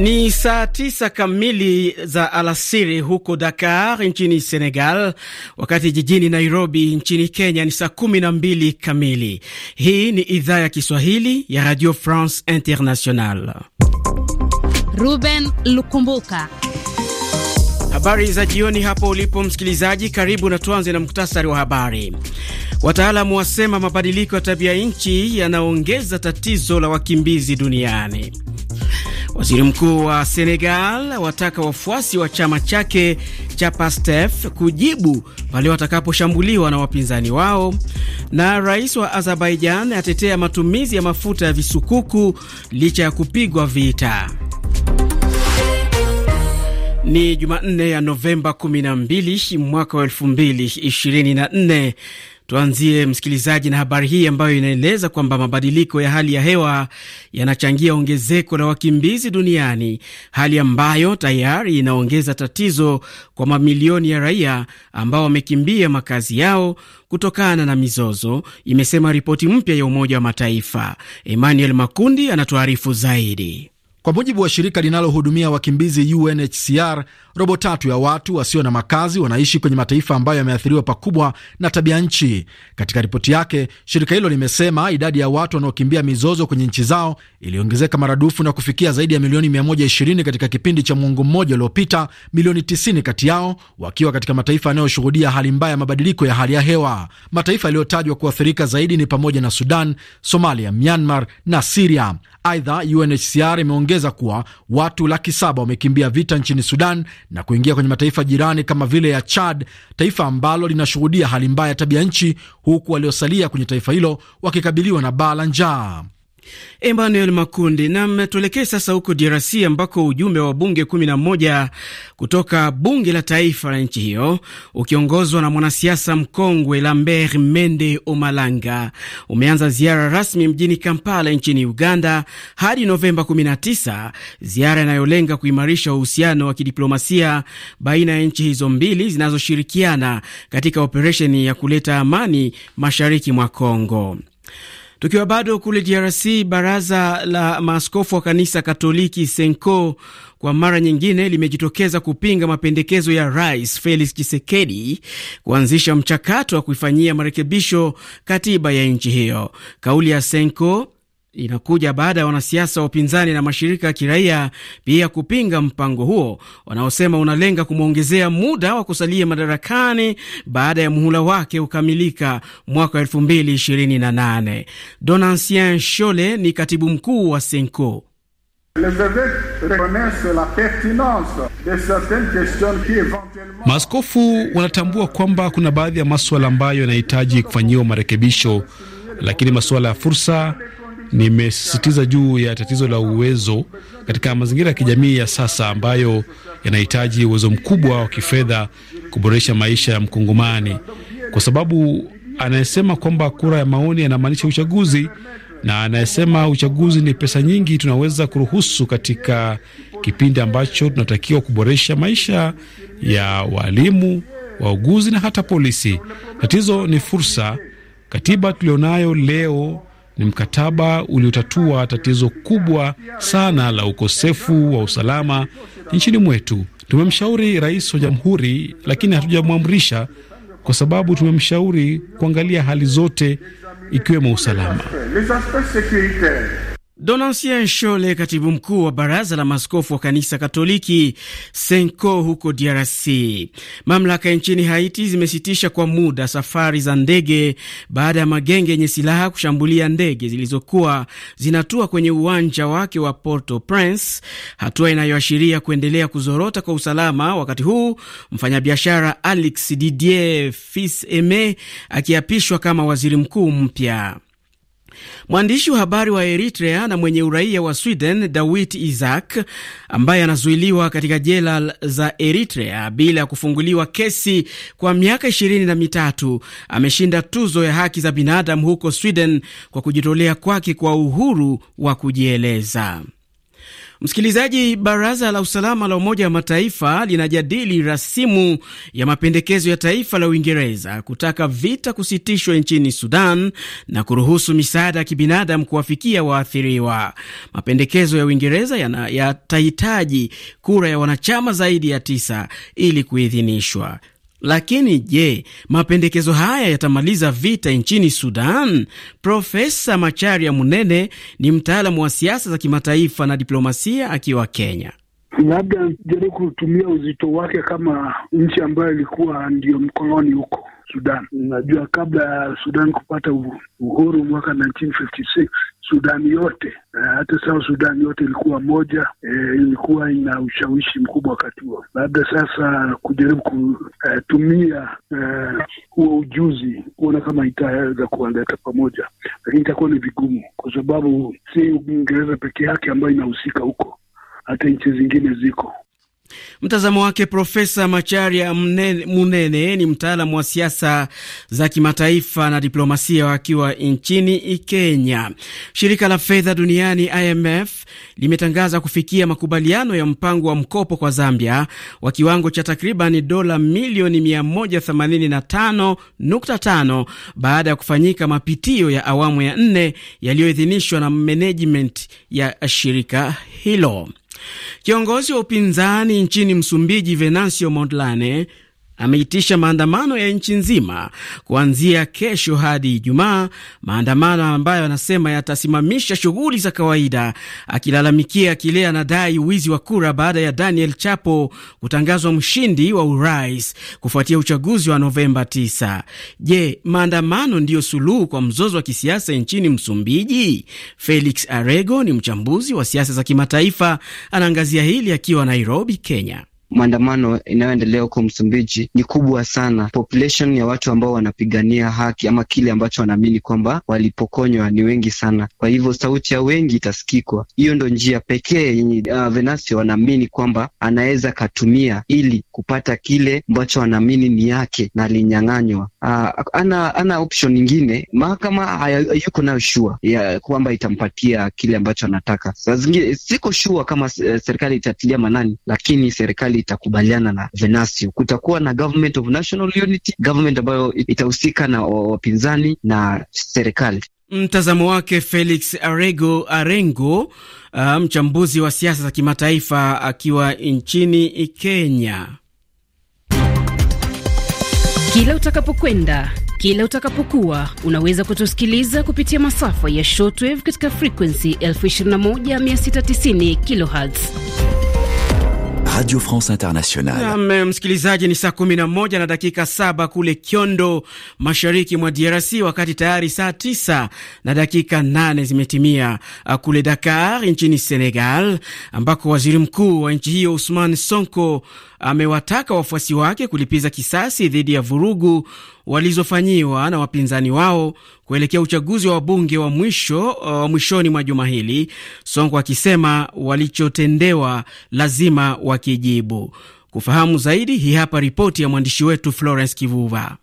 Ni saa tisa kamili za alasiri huko Dakar nchini Senegal, wakati jijini Nairobi nchini Kenya ni saa kumi na mbili kamili. Hii ni idhaa ya Kiswahili ya Radio France International. Ruben Lukumbuka, habari za jioni hapo ulipo msikilizaji, karibu na tuanze na muktasari wa habari. Wataalamu wasema mabadiliko ya tabia nchi yanaongeza tatizo la wakimbizi duniani. Waziri mkuu wa Senegal wataka wafuasi wa chama chake cha Pastef kujibu pale watakaposhambuliwa na wapinzani wao, na rais wa Azerbaijan atetea matumizi ya mafuta ya visukuku licha ya kupigwa vita. Ni Jumanne ya Novemba 12 mwaka wa 2024. Tuanzie msikilizaji na habari hii ambayo inaeleza kwamba mabadiliko ya hali ya hewa yanachangia ongezeko la wakimbizi duniani, hali ambayo tayari inaongeza tatizo kwa mamilioni ya raia ambao wamekimbia makazi yao kutokana na mizozo, imesema ripoti mpya ya Umoja wa Mataifa. Emmanuel Makundi anatuarifu zaidi. Kwa mujibu wa shirika linalohudumia wakimbizi UNHCR, robo tatu ya watu wasio na makazi wanaishi kwenye mataifa ambayo yameathiriwa pakubwa na tabia nchi. Katika ripoti yake, shirika hilo limesema idadi ya watu wanaokimbia mizozo kwenye nchi zao iliongezeka maradufu na kufikia zaidi ya milioni 120 katika kipindi cha mwongo mmoja uliopita, milioni 90 kati yao wakiwa katika mataifa yanayoshuhudia hali mbaya ya mabadiliko ya hali ya hewa. Mataifa yaliyotajwa kuathirika zaidi ni pamoja na Sudan, Somalia, Myanmar na Siria. Aidha, UNHCR imeongeza kuwa watu laki saba wamekimbia vita nchini Sudan na kuingia kwenye mataifa jirani kama vile ya Chad, taifa ambalo linashuhudia hali mbaya ya tabia nchi, huku waliosalia kwenye taifa hilo wakikabiliwa na baa la njaa. Emmanuel Makundi. Nam, tuelekee sasa huko DRC ambako ujumbe wa bunge 11 kutoka bunge la taifa la nchi hiyo ukiongozwa na mwanasiasa mkongwe Lambert Mende Omalanga umeanza ziara rasmi mjini Kampala nchini Uganda hadi Novemba 19, ziara inayolenga kuimarisha uhusiano wa kidiplomasia baina ya nchi hizo mbili zinazoshirikiana katika operesheni ya kuleta amani mashariki mwa congo Tukiwa bado kule DRC, baraza la maaskofu wa kanisa Katoliki Senko kwa mara nyingine limejitokeza kupinga mapendekezo ya Rais Felix chisekedi kuanzisha mchakato wa kuifanyia marekebisho katiba ya nchi hiyo. Kauli ya Senko inakuja baada ya wanasiasa wa upinzani na mashirika ya kiraia pia kupinga mpango huo wanaosema unalenga kumwongezea muda wa kusalia madarakani baada ya muhula wake kukamilika mwaka 2028. Donancien Chole ni katibu mkuu wa Senko. Maaskofu wanatambua kwamba kuna baadhi ya maswala ambayo yanahitaji kufanyiwa marekebisho, lakini masuala ya fursa Nimesisitiza juu ya tatizo la uwezo katika mazingira ya kijamii ya sasa ambayo yanahitaji uwezo mkubwa wa kifedha kuboresha maisha ya Mkongomani, kwa sababu anayesema kwamba kura ya maoni yanamaanisha uchaguzi na anayesema uchaguzi ni pesa nyingi tunaweza kuruhusu katika kipindi ambacho tunatakiwa kuboresha maisha ya walimu, wauguzi na hata polisi. Tatizo ni fursa. Katiba tulionayo leo ni mkataba uliotatua tatizo kubwa sana la ukosefu wa usalama nchini mwetu. Tumemshauri rais wa jamhuri, lakini hatujamwamrisha kwa sababu tumemshauri kuangalia hali zote ikiwemo usalama. Donatien Shole, katibu mkuu wa baraza la maskofu wa kanisa Katoliki Senko huko DRC. Mamlaka nchini Haiti zimesitisha kwa muda safari za ndege baada ya magenge yenye silaha kushambulia ndege zilizokuwa zinatua kwenye uwanja wake wa porto prince hatua inayoashiria kuendelea kuzorota kwa usalama, wakati huu mfanyabiashara Alex Didier Fils-Aime akiapishwa kama waziri mkuu mpya. Mwandishi wa habari wa Eritrea na mwenye uraia wa Sweden Dawit isaac ambaye anazuiliwa katika jela za Eritrea bila ya kufunguliwa kesi kwa miaka ishirini na mitatu, ameshinda tuzo ya haki za binadamu huko Sweden kwa kujitolea kwake kwa uhuru wa kujieleza. Msikilizaji, baraza la usalama la Umoja wa Mataifa linajadili rasimu ya mapendekezo ya taifa la Uingereza kutaka vita kusitishwa nchini Sudan na kuruhusu misaada ya kibinadamu kuwafikia waathiriwa. Mapendekezo ya Uingereza yatahitaji kura ya wanachama zaidi ya tisa ili kuidhinishwa. Lakini je, mapendekezo haya yatamaliza vita nchini Sudan? Profesa Macharia Munene ni mtaalamu wa siasa za kimataifa na diplomasia akiwa Kenya. Labda jaribu kutumia uzito wake kama nchi ambayo ilikuwa ndiyo mkoloni huko Sudan. Unajua, kabla ya Sudan kupata uhuru mwaka 1956 Sudani yote hata South Sudan yote ilikuwa moja, e, ilikuwa ina ushawishi mkubwa wakati huo. Labda sasa kujaribu kutumia e, e, huo ujuzi kuona kama itaweza kuwaleta pamoja, lakini itakuwa ni vigumu, kwa sababu si Uingereza peke yake ambayo inahusika huko, hata nchi zingine ziko Mtazamo wake Profesa Macharia Munene ni mtaalamu wa siasa za kimataifa na diplomasia akiwa nchini Kenya. Shirika la fedha duniani IMF limetangaza kufikia makubaliano ya mpango wa mkopo kwa Zambia wa kiwango cha takriban dola milioni 185.5 baada ya kufanyika mapitio ya awamu ya nne yaliyoidhinishwa na management ya shirika hilo. Kiongozi wa upinzani nchini Msumbiji Venancio Mondlane ameitisha maandamano ya nchi nzima kuanzia kesho hadi Ijumaa, maandamano ambayo anasema yatasimamisha shughuli za kawaida, akilalamikia kile anadai wizi wa kura baada ya Daniel Chapo kutangazwa mshindi wa urais kufuatia uchaguzi wa Novemba 9. Je, maandamano ndiyo suluhu kwa mzozo wa kisiasa nchini Msumbiji? Felix Arego ni mchambuzi wa siasa za kimataifa, anaangazia hili akiwa Nairobi, Kenya maandamano inayoendelea huko Msumbiji ni kubwa sana. Population ya watu ambao wanapigania haki ama kile ambacho wanaamini kwamba walipokonywa ni wengi sana, kwa hivyo sauti ya wengi itasikikwa. Hiyo ndo njia pekee yenye uh, Venasio wanaamini kwamba anaweza katumia ili kupata kile ambacho wanaamini ni yake na alinyang'anywa. Uh, ana, ana option nyingine, mahakama hayuko nayo shua ya kwamba itampatia kile ambacho anataka. Saa zingine siko shua kama eh, serikali itatilia manani, lakini serikali itakubaliana na Venasio. Kutakuwa na government of national unity, government ambayo itahusika na wapinzani na serikali. Mtazamo wake Felix Arego Arengo, uh, mchambuzi wa siasa za kimataifa akiwa nchini Kenya. Kila utakapokwenda kila utakapokuwa unaweza kutusikiliza kupitia masafa ya shortwave katika frequency 21690 kilohertz Radio France Internationale. Naam, eh, msikilizaji, ni saa kumi na moja na dakika saba kule Kyondo, mashariki mwa DRC, wakati tayari saa tisa na dakika nane zimetimia ah, kule Dakar nchini Senegal, ambako waziri mkuu wa nchi hiyo Ousmane Sonko amewataka wafuasi wake kulipiza kisasi dhidi ya vurugu walizofanyiwa na wapinzani wao kuelekea uchaguzi wa wabunge wa mwisho wa uh, mwishoni mwa juma hili, Sonko akisema walichotendewa lazima wakijibu. Kufahamu zaidi, hii hapa ripoti ya mwandishi wetu Florence Kivuva.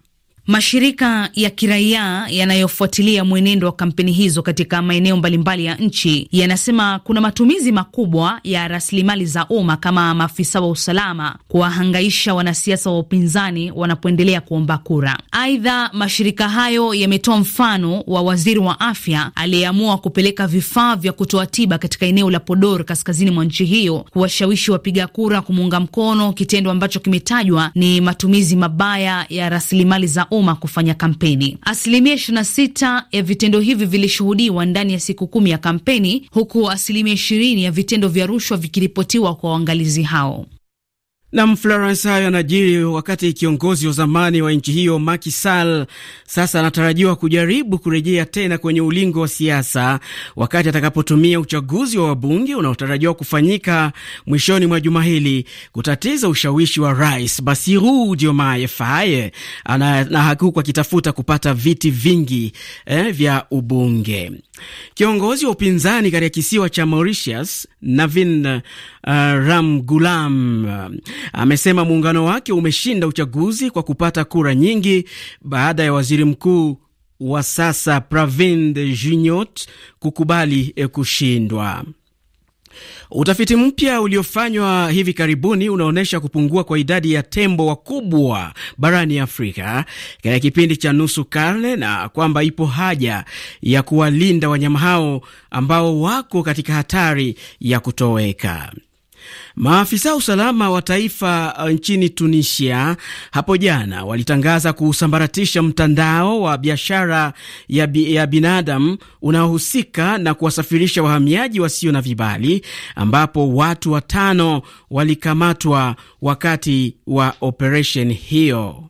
Mashirika ya kiraia yanayofuatilia mwenendo wa kampeni hizo katika maeneo mbalimbali ya nchi yanasema kuna matumizi makubwa ya rasilimali za umma kama maafisa wa usalama kuwahangaisha wanasiasa wa upinzani wanapoendelea kuomba kura. Aidha, mashirika hayo yametoa mfano wa waziri wa afya aliyeamua kupeleka vifaa vya kutoa tiba katika eneo la Podor kaskazini mwa nchi hiyo kuwashawishi wapiga kura kumuunga mkono, kitendo ambacho kimetajwa ni matumizi mabaya ya rasilimali za umma umma kufanya kampeni. Asilimia 26 ya vitendo hivi vilishuhudiwa ndani ya siku kumi ya kampeni, huku asilimia 20 ya vitendo vya rushwa vikiripotiwa kwa waangalizi hao. Nam Florence, hayo anajiri wakati kiongozi wa zamani wa nchi hiyo Macky Sall sasa anatarajiwa kujaribu kurejea tena kwenye ulingo wa siasa wakati atakapotumia uchaguzi wa wabunge unaotarajiwa kufanyika mwishoni mwa juma hili kutatiza ushawishi wa rais Bassirou Diomaye Faye anahakuku akitafuta kupata viti vingi eh, vya ubunge. Kiongozi wa upinzani katika kisiwa cha Mauritius Navin uh, eh, Ramgoolam amesema muungano wake umeshinda uchaguzi kwa kupata kura nyingi baada ya waziri mkuu wa sasa Pravind Jugnot kukubali eh, kushindwa. Utafiti mpya uliofanywa hivi karibuni unaonyesha kupungua kwa idadi ya tembo wakubwa barani Afrika katika kipindi cha nusu karne na kwamba ipo haja ya kuwalinda wanyama hao ambao wako katika hatari ya kutoweka. Maafisa usalama wa taifa uh, nchini Tunisia hapo jana walitangaza kuusambaratisha mtandao wa biashara ya, bi, ya binadamu unaohusika na kuwasafirisha wahamiaji wasio na vibali ambapo watu watano walikamatwa wakati wa operesheni hiyo.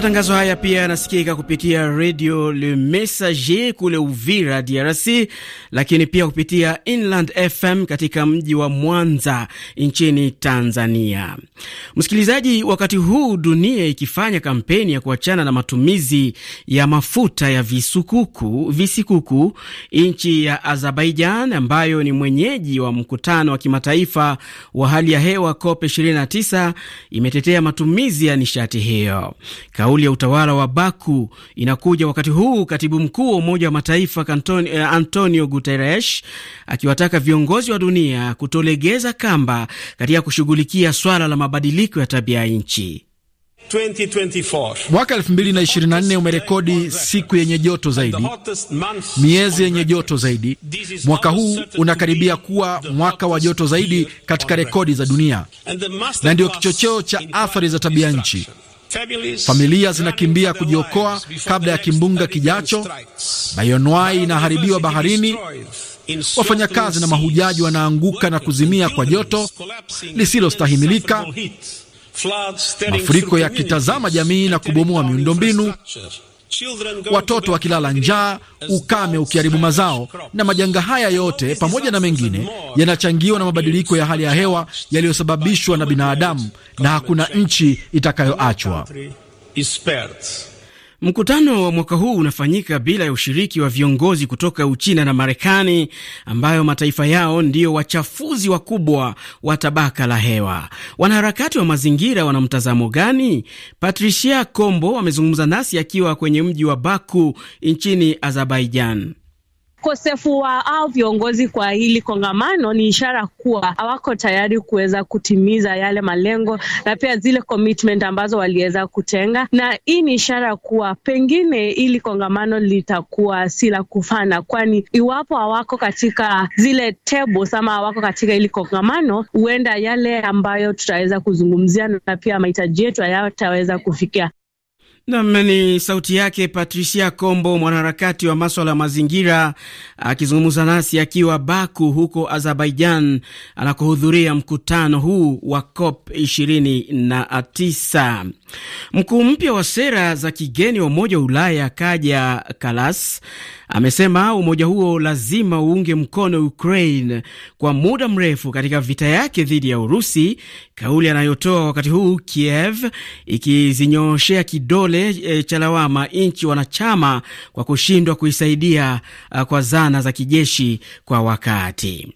Matangazo haya pia yanasikika kupitia redio Le Messager kule Uvira, DRC, lakini pia kupitia Inland FM katika mji wa Mwanza nchini Tanzania. Msikilizaji, wakati huu dunia ikifanya kampeni ya kuachana na matumizi ya mafuta ya visukuku, visikuku, nchi ya Azerbaijan ambayo ni mwenyeji wa mkutano wa kimataifa wa hali ya hewa COP 29 imetetea matumizi ya nishati hiyo. Kauli ya utawala wa Baku inakuja wakati huu katibu mkuu wa Umoja wa Mataifa eh, Antonio Guterres akiwataka viongozi wa dunia kutolegeza kamba katika kushughulikia swala la mabadiliko ya tabia nchi. 2024. Mwaka 2024 umerekodi siku yenye joto zaidi, miezi yenye joto zaidi. Mwaka huu unakaribia kuwa mwaka wa joto zaidi katika rekodi za dunia, na ndio kichocheo cha athari za tabia nchi Familia zinakimbia kujiokoa kabla ya kimbunga kijacho. Bayonwai inaharibiwa baharini. Wafanyakazi na mahujaji wanaanguka na kuzimia kwa joto lisilostahimilika. Mafuriko yakitazama jamii na kubomoa miundombinu watoto wakilala njaa, ukame ukiharibu mazao. Na majanga haya yote pamoja na mengine yanachangiwa na mabadiliko ya hali ya hewa yaliyosababishwa na binadamu, na hakuna nchi itakayoachwa. Mkutano wa mwaka huu unafanyika bila ya ushiriki wa viongozi kutoka Uchina na Marekani, ambayo mataifa yao ndiyo wachafuzi wakubwa wa tabaka la hewa. Wanaharakati wa mazingira wana mtazamo gani? Patricia Kombo amezungumza nasi akiwa kwenye mji wa Baku nchini Azerbaijan. Ukosefu wa au viongozi kwa hili kongamano ni ishara kuwa hawako tayari kuweza kutimiza yale malengo na pia zile commitment ambazo waliweza kutenga, na hii ni ishara kuwa pengine hili kongamano litakuwa si la kufana, kwani iwapo hawako katika zile tables ama hawako katika hili kongamano, huenda yale ambayo tutaweza kuzungumzia na pia mahitaji yetu hayataweza kufikia. Nam ni sauti yake Patricia Kombo, mwanaharakati wa maswala ya mazingira, akizungumza nasi akiwa Baku huko Azerbaijan, anakohudhuria mkutano huu wa COP 29. Mkuu mpya wa sera za kigeni wa Umoja wa Ulaya Kaja Kalas Amesema umoja huo lazima uunge mkono Ukraine kwa muda mrefu katika vita yake dhidi ya Urusi, kauli anayotoa wakati huu Kiev ikizinyooshea kidole e, cha lawama nchi wanachama kwa kushindwa kuisaidia a, kwa zana za kijeshi kwa wakati.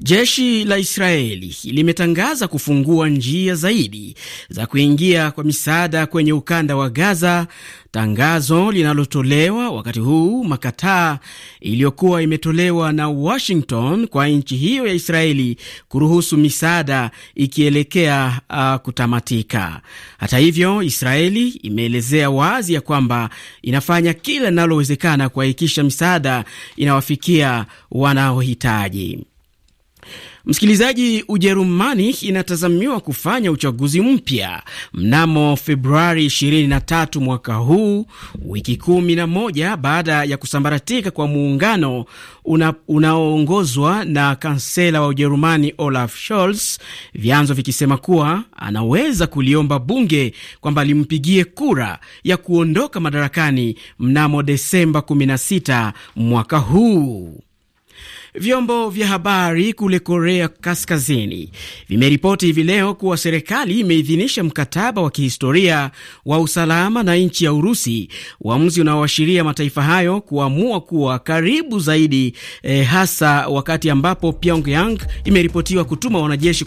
Jeshi la Israeli limetangaza kufungua njia zaidi za kuingia kwa misaada kwenye ukanda wa Gaza, tangazo linalotolewa wakati huu makataa iliyokuwa imetolewa na Washington kwa nchi hiyo ya Israeli kuruhusu misaada ikielekea uh, kutamatika. Hata hivyo, Israeli imeelezea wazi ya kwamba inafanya kila linalowezekana kuhakikisha misaada inawafikia wanaohitaji. Msikilizaji, Ujerumani inatazamiwa kufanya uchaguzi mpya mnamo Februari 23 mwaka huu, wiki kumi na moja baada ya kusambaratika kwa muungano una, unaoongozwa na kansela wa Ujerumani Olaf Scholz, vyanzo vikisema kuwa anaweza kuliomba bunge kwamba limpigie kura ya kuondoka madarakani mnamo Desemba 16 mwaka huu. Vyombo vya habari kule Korea Kaskazini vimeripoti hivi leo kuwa serikali imeidhinisha mkataba wa kihistoria wa usalama na nchi ya Urusi, uamuzi unaoashiria mataifa hayo kuamua kuwa karibu zaidi eh, hasa wakati ambapo Pyongyang imeripotiwa kutuma wanajeshi